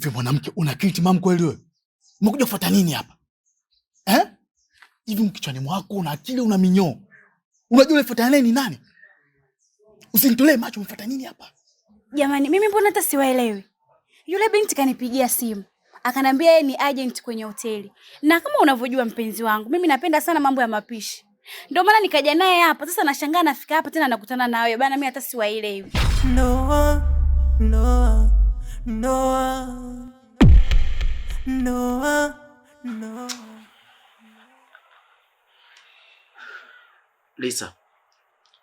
Hivyo mwanamke, una akili timamu kweli wewe? Umekuja kufuata nini hapa eh? Hivi mkichwani mwako una akili, una minyoo, unajua unafuata ni Nani? Usinitolee macho, umefuata nini hapa jamani? Mimi mbona hata siwaelewi. Yule binti kanipigia simu akanambia yeye ni agent kwenye hoteli, na kama unavyojua mpenzi wangu, mimi napenda sana mambo ya mapishi, ndio maana nikaja naye hapa. Sasa nashangaa nafika hapa tena nakutana na wewe bana, mimi hata siwaelewi no, no. Noah, Lisa,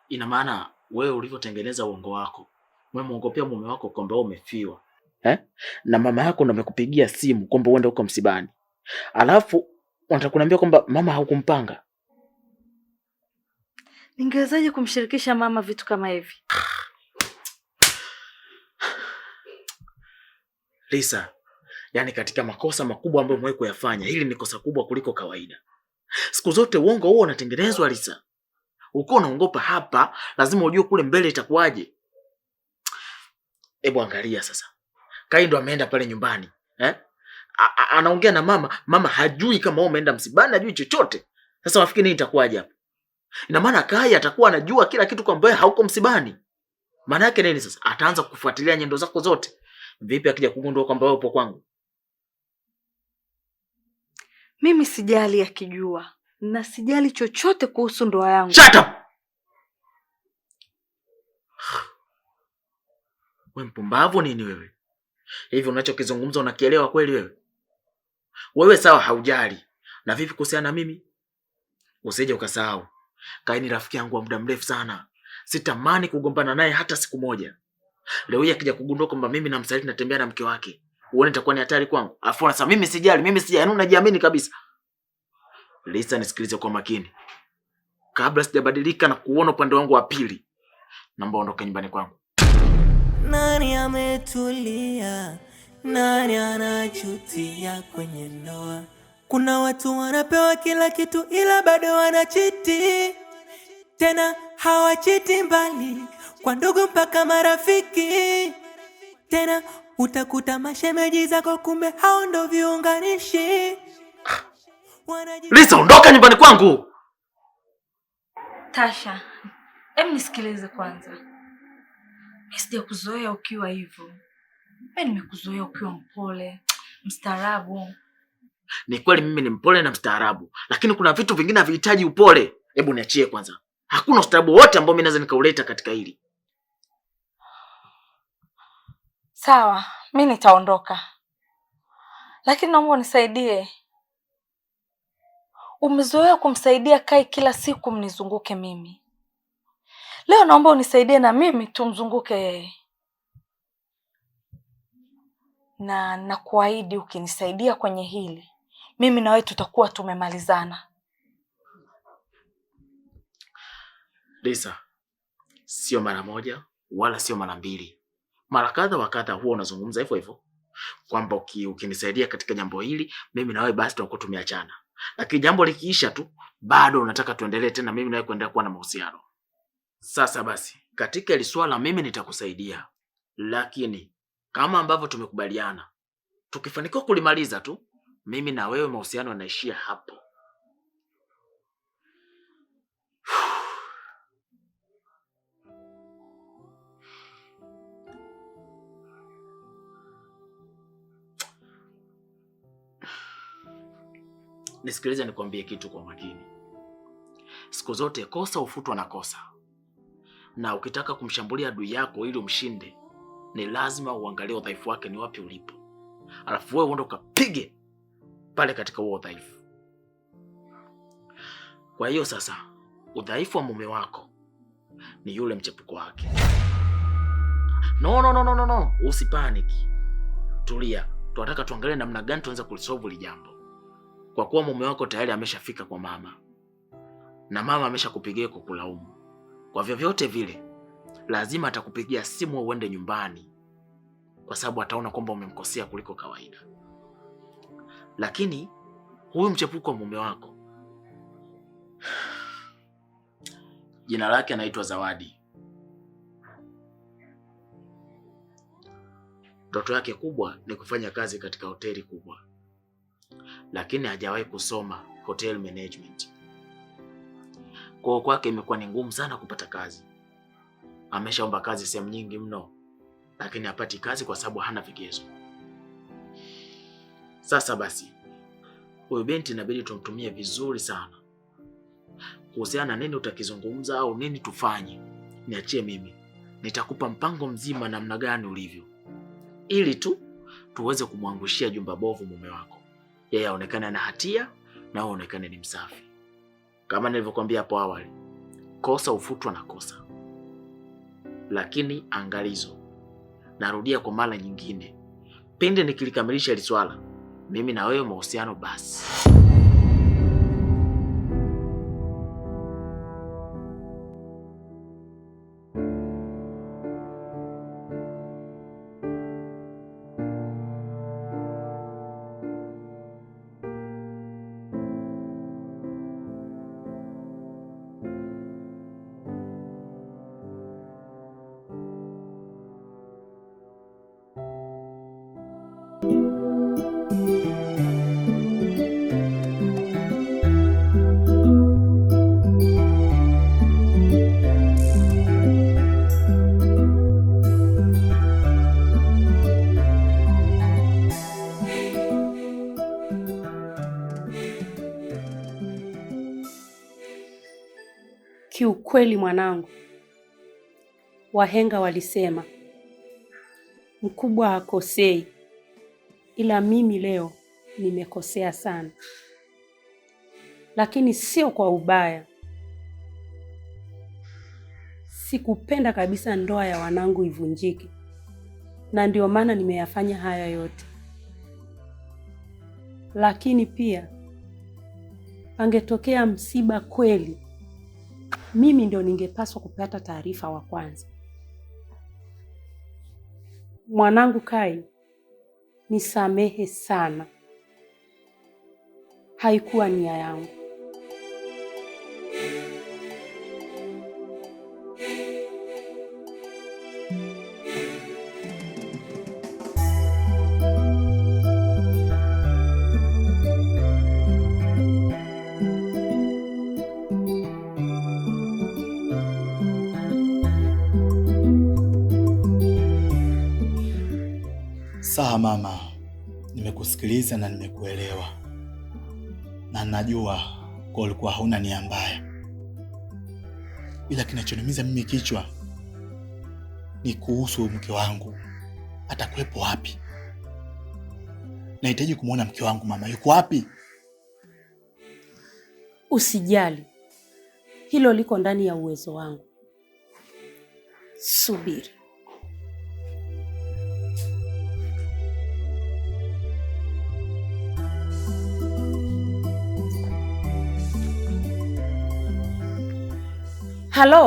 ina maana wewe ulivyotengeneza uongo wako umemwongopea mume wako kwamba wewe umefiwa eh? na mama yako ndo amekupigia simu kwamba uende huko msibani, alafu unataka kuniambia kwamba mama haukumpanga? Ningewezaje kumshirikisha mama vitu kama hivi? Lisa, yani katika makosa makubwa ambayo umewahi kuyafanya, hili ni kosa kubwa kuliko kawaida. Siku zote uongo huo unatengenezwa Lisa. Uko unaongopa hapa, lazima ujue kule mbele itakuwaje. Hebu angalia sasa, Kai ndo ameenda pale nyumbani eh? Anaongea na mama, mama hajui kama wewe umeenda msibani, hajui chochote. Sasa wafikiri nini itakuwaje hapa? Ina maana Kai atakuwa anajua kila kitu kwamba wewe hauko msibani. Maana yake nini sasa? Ataanza kufuatilia nyendo zako zote. Vipi akija kugundua kwamba wewe upo kwangu? Mimi sijali akijua, na sijali chochote kuhusu ndoa yangu. Shut up! We mpumbavu nini wewe? Hivi unachokizungumza unakielewa kweli wewe? Wewe sawa, haujali. Na vipi kuhusiana na mimi? Usije ukasahau Kaini rafiki yangu wa muda mrefu sana, sitamani kugombana naye hata siku moja. Leo hii akija kugundua kwamba mimi na msaliti natembea na mke wake, uone itakuwa ni hatari kwangu. Alafu anasema mimi sijali, mimi sijali, yaani unajiamini kabisa. Lisa, nisikilize kwa makini, kabla sijabadilika na kuona upande wangu wa pili. Naomba ondoke nyumbani kwangu. Nani ametulia? Nani anachutia kwenye ndoa? Kuna watu wanapewa kila kitu, ila bado wanachiti, tena hawachiti mbali kwa ndugu mpaka marafiki, tena utakuta mashemeji zako, kumbe hao ndo viunganishi. Lisa, ondoka nyumbani kwangu. Tasha, em, nisikilize kwanza. Mimi kuzoea ukiwa hivyo. Mimi nimekuzoea ukiwa mpole, mstaarabu. Ni kweli mimi ni mpole na mstaarabu, lakini kuna vitu vingine havihitaji upole. Hebu niachie kwanza. Hakuna ustaarabu wote ambao mimi naweza nikauleta katika hili. Sawa, mi nitaondoka, lakini naomba unisaidie. Umezoea kumsaidia Kai kila siku mnizunguke mimi, leo naomba unisaidie na mimi tumzunguke yeye, na nakuahidi ukinisaidia kwenye hili, mimi na wewe tutakuwa tumemalizana. Lisa, sio mara moja wala sio mara mbili mara kadha wa kadha huwa unazungumza hivyo hivyo kwamba ukinisaidia katika jambo hili mimi na wewe basi tunakuwa tumeachana, lakini jambo likiisha tu bado unataka tuendelee tena mimi na wewe kuendelea kuwa na mahusiano. Sasa basi, katika hili swala mimi nitakusaidia, lakini kama ambavyo tumekubaliana, tukifanikiwa kulimaliza tu mimi na wewe mahusiano yanaishia hapo. nisikilize, nikwambie kitu kwa makini. Siku zote kosa hufutwa na kosa, na ukitaka kumshambulia adui yako ili umshinde, ni lazima uangalie udhaifu wake ni wapi ulipo, alafu wewe uende ukapige pale katika huo udhaifu. Kwa hiyo sasa, udhaifu wa mume wako ni yule mchepuko wake. No, no, no, no, no, no. Usipaniki, tulia, tunataka tuangalie namna gani tunaweza kulisolve hili jambo kwa kuwa mume wako tayari ameshafika kwa mama na mama ameshakupigia kwa kulaumu. Kwa vyovyote vile, lazima atakupigia simu uende nyumbani, kwa sababu ataona kwamba umemkosea kuliko kawaida. Lakini huyu mchepuko wa mume wako jina lake anaitwa Zawadi. Ndoto yake kubwa ni kufanya kazi katika hoteli kubwa lakini hajawahi kusoma hotel management. Kwa kwake imekuwa ni ngumu sana kupata kazi. Ameshaomba kazi sehemu nyingi mno, lakini hapati kazi kwa sababu hana vigezo. Sasa basi, huyu binti inabidi tumtumie vizuri sana. Kuhusiana nini utakizungumza au nini tufanye, niachie mimi, nitakupa mpango mzima namna gani ulivyo, ili tu tuweze kumwangushia jumba bovu mume wako yeye aonekane ana hatia na wewe aonekane ni msafi. Kama nilivyokuambia hapo awali, kosa ufutwa na kosa. Lakini angalizo, narudia kwa mara nyingine, pindi nikilikamilisha hili swala, mimi na wewe mahusiano basi. Kiukweli mwanangu, wahenga walisema mkubwa hakosei, ila mimi leo nimekosea sana, lakini sio kwa ubaya. Sikupenda kabisa ndoa ya wanangu ivunjike, na ndio maana nimeyafanya haya yote. Lakini pia angetokea msiba kweli mimi ndio ningepaswa kupata taarifa wa kwanza. Mwanangu Kai, nisamehe sana, haikuwa nia yangu. kabisa na nimekuelewa, na najua kwa ulikuwa hauna nia mbaya, ila kinachoniumiza mimi kichwa ni kuhusu mke wangu. Atakuwepo wapi? Nahitaji kumwona mke wangu. Mama yuko wapi? Usijali, hilo liko ndani ya uwezo wangu. Subiri. Halo?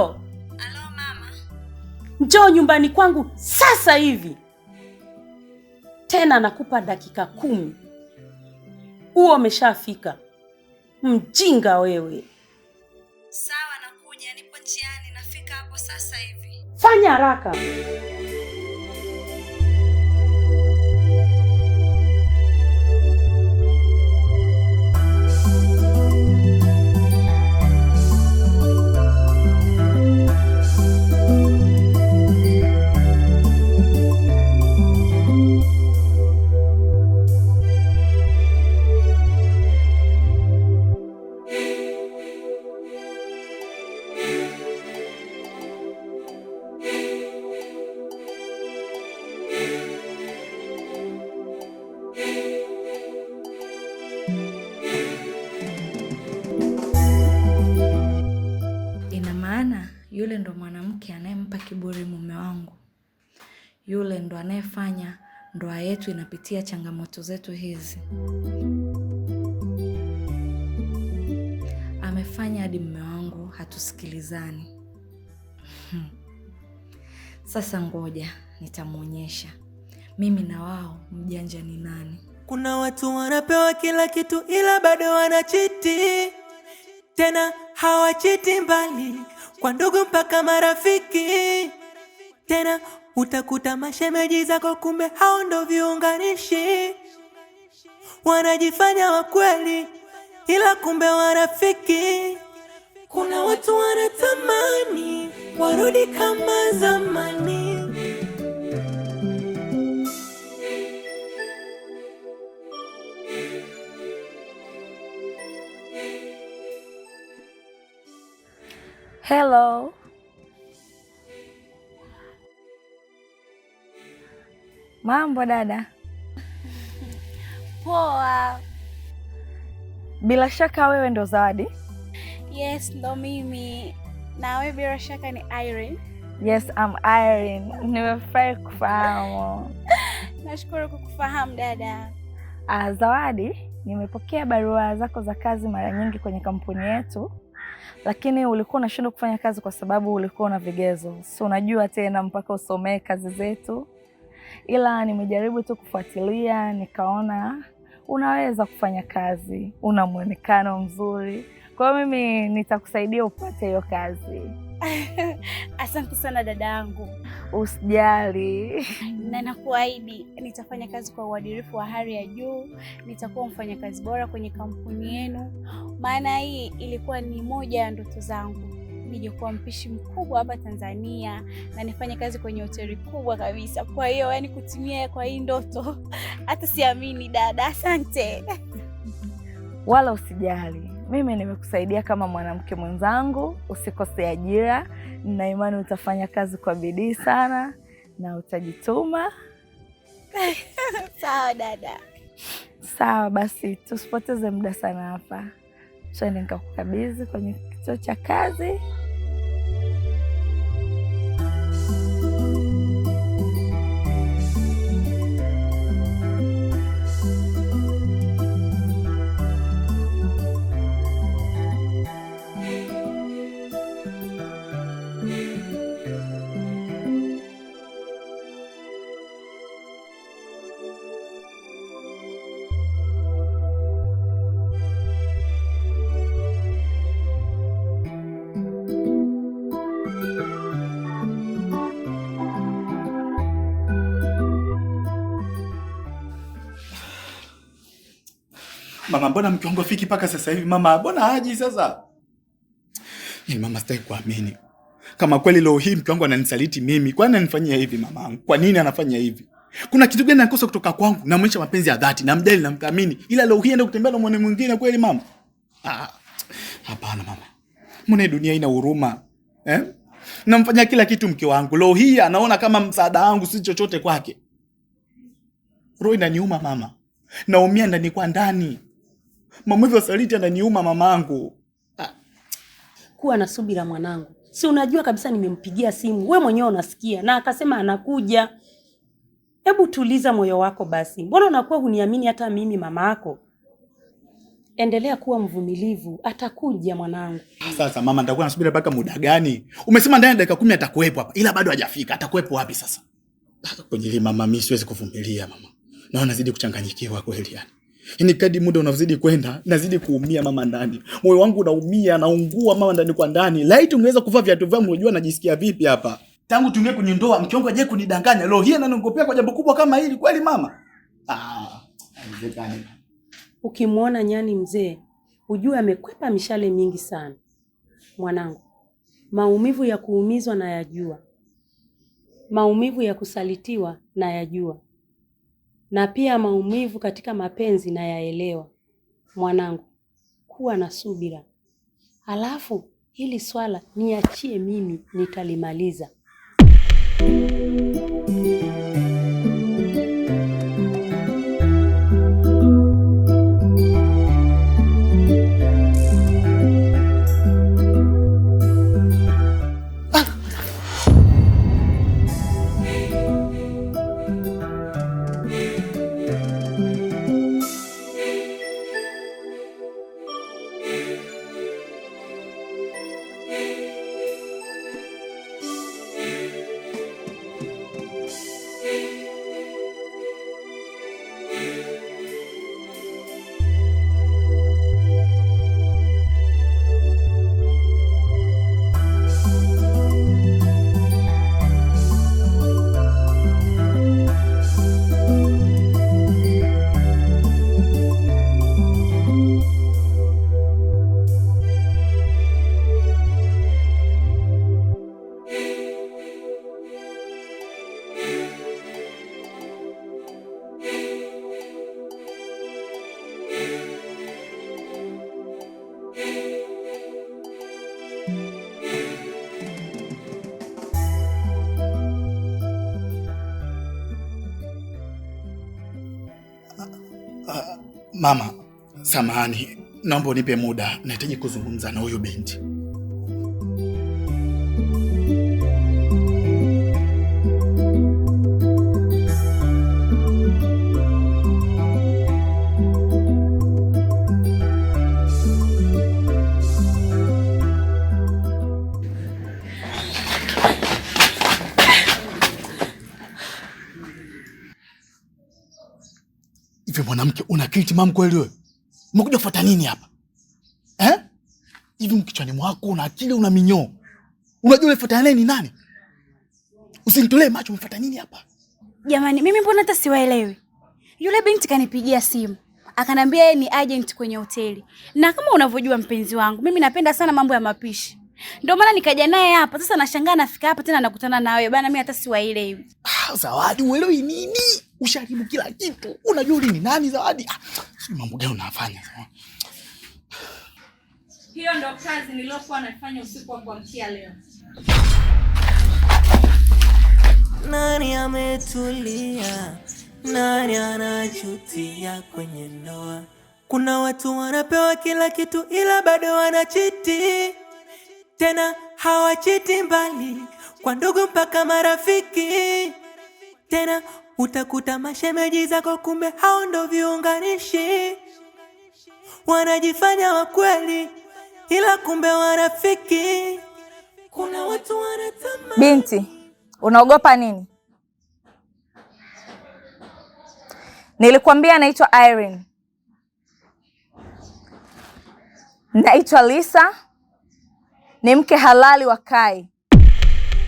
Halo mama. Njoo nyumbani kwangu sasa hivi. Tena nakupa dakika kumi. Huo umeshafika. Mjinga wewe. Sawa, nakuja, nipo njiani, nafika hapo sasa hivi. Fanya haraka. kiburi mume wangu. Yule ndo anayefanya ndoa yetu inapitia changamoto zetu hizi. Amefanya hadi mume wangu hatusikilizani. Sasa ngoja nitamwonyesha mimi na wao mjanja ni nani. Kuna watu wanapewa kila kitu ila bado wanachiti, tena hawachiti mbali kwa ndugu mpaka marafiki, tena utakuta mashemeji zako, kumbe hao ndo viunganishi, wanajifanya wa kweli, ila kumbe warafiki. Kuna watu wanatamani warudi kama zamani Hello. Mambo dada. Poa. Bila shaka wewe ndo Zawadi? Yes, ndo mimi. Na wewe bila shaka ni Irene? Yes, I'm Irene. Nimefurahi kufahamu. Nashukuru kukufahamu dada. Ah, Zawadi, nimepokea barua zako za kazi mara nyingi kwenye kampuni yetu lakini ulikuwa unashindwa kufanya kazi kwa sababu ulikuwa una vigezo, si unajua tena mpaka usomee kazi zetu, ila nimejaribu tu kufuatilia, nikaona unaweza kufanya kazi, una mwonekano mzuri kwa hiyo mimi nitakusaidia upate hiyo kazi. Asante sana dadangu. Usijali, na nakuahidi nitafanya kazi kwa uadilifu wa hali ya juu. Nitakuwa mfanyakazi bora kwenye kampuni yenu, maana hii ilikuwa ni moja ya ndoto zangu, nije kuwa mpishi mkubwa hapa Tanzania na nifanye kazi kwenye hoteli kubwa kabisa. Kwa hiyo yani, kutimia kwa hii ndoto hata siamini dada. Asante. Wala usijali mimi nimekusaidia kama mwanamke mwenzangu, usikose ajira. Nina imani utafanya kazi kwa bidii sana na utajituma. Sawa dada. Sawa basi, tusipoteze muda sana hapa, twende nikakukabidhi kwenye kituo cha kazi. Mama, mbona mke wangu afiki mpaka sasa hivi mama? Mbona haji sasa? Ni eh, mama, sitaki kuamini kama kweli leo hii mke wangu ananisaliti mimi. Kwa nini ananifanyia hivi mama? Kwa nini anafanya hivi? Kuna kitu gani nakosa kutoka kwangu? Namwonyesha mapenzi ya dhati, namjali, namthamini, ila leo hii enda kutembea na mwanaume mwingine kweli mama? Ah, hapana mama, mbona dunia ina huruma eh? Namfanyia kila kitu mke wangu, leo hii anaona kama msaada wangu si chochote kwake. Roho inaniuma mama, naumia ndani kwa ndani maumivu ya Saliti ananiuma mamangu. Ah, kuwa na subira mwanangu, si unajua kabisa nimempigia simu, we mwenyewe unasikia, na akasema anakuja. Hebu tuliza moyo wako basi, mbona unakuwa huniamini hata mimi mama ako? Endelea kuwa mvumilivu, atakuja mwanangu. Sasa mama, nitakuwa nasubira mpaka muda gani? Umesema ndani ya dakika kumi atakuwepo hapa, ila bado hajafika. Atakuwepo wapi sasa? Ah, kwenye mama, mimi siwezi kuvumilia mama, naona zidi kuchanganyikiwa kweli yani. Yaani kadi muda unazidi kwenda, nazidi kuumia mama ndani. Moyo wangu unaumia, naungua mama ndani kwa ndani. Laiti ungeweza kuvaa viatu vyangu, unajua najisikia vipi hapa. Tangu tuingie kwenye ndoa, mke wangu aje kunidanganya. Leo hii ananiongopea kwa jambo kubwa kama hili kweli mama? Ah, Ukimwona nyani mzee, ujue amekwepa mishale mingi sana. Mwanangu, maumivu ya kuumizwa na yajua. Maumivu ya kusalitiwa na yajua na pia maumivu katika mapenzi nayaelewa mwanangu, kuwa na subira. Halafu hili swala niachie mimi, nitalimaliza. Mama, samahani, naomba unipe muda, nahitaji kuzungumza na huyu binti. akili timamu kweli wewe? Umekuja kufuata nini hapa? Eh? Hivi mkichwani mwako una akili una minyoo. Unajua unafuata nani nani? Usinitolee macho umefuata nini hapa? Jamani, mimi mbona hata siwaelewi. Yule binti kanipigia simu. Akanambia yeye ni agent kwenye hoteli. Na kama unavyojua mpenzi wangu, mimi napenda sana mambo ya mapishi. Ndio maana nikaja naye hapa. Sasa nashangaa nafika hapa tena nakutana na wewe. Bana mimi hata si hivi. Ah, Zawadi uelewi nini? Usharibu kila kitu. Unajua uli ni nani Zawadi? Ah, mambo gani unafanya Hiyo ndio kazi niliyokuwa nafanya usiku wa kuamkia leo. Nani ametulia? Nani anachutia kwenye ndoa? Kuna watu wanapewa kila kitu ila bado wanachiti tena hawachiti mbali, kwa ndugu mpaka marafiki. Tena utakuta mashemeji zako, kumbe hao ndo viunganishi, wanajifanya wakweli, ila kumbe warafiki. Kuna watu wanatamani. Binti, unaogopa nini? Nilikwambia naitwa Irene, naitwa Lisa ni mke halali wa Kai.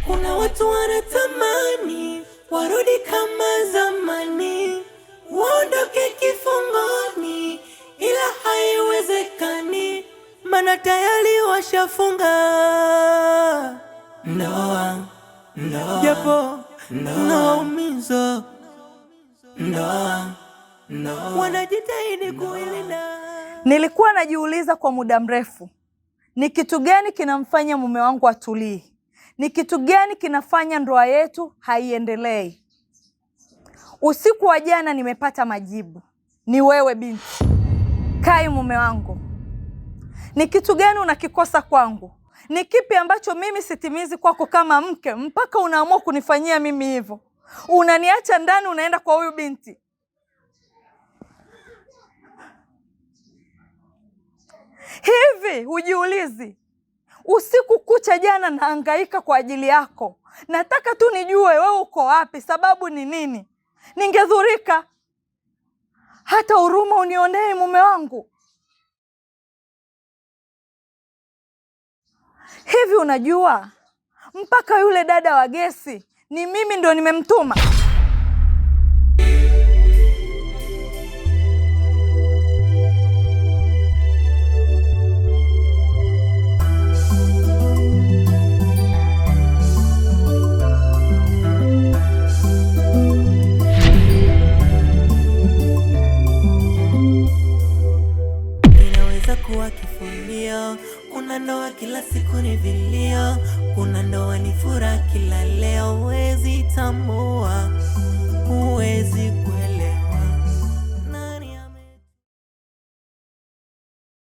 Kuna watu wanatamani warudi kama zamani, waondoke kifungoni, ila haiwezekani, maana tayari washafunga ndoa, ndoa japo naumizo wanajitahidi kuilinda. Nilikuwa najiuliza kwa muda mrefu ni kitu gani kinamfanya mume wangu atulii? Ni kitu gani kinafanya ndoa yetu haiendelei? Usiku wa jana nimepata majibu. Ni wewe binti Kai, mume wangu. Ni kitu gani unakikosa kwangu? Ni kipi ambacho mimi sitimizi kwako kama mke, mpaka unaamua kunifanyia mimi hivyo? Unaniacha ndani, unaenda kwa huyu binti. Hivi hujiulizi usiku kucha jana naangaika kwa ajili yako, nataka tu nijue wewe uko wapi, sababu ni nini? Ningedhurika. Hata huruma unionee mume wangu. Hivi unajua mpaka yule dada wa gesi ni mimi ndo nimemtuma.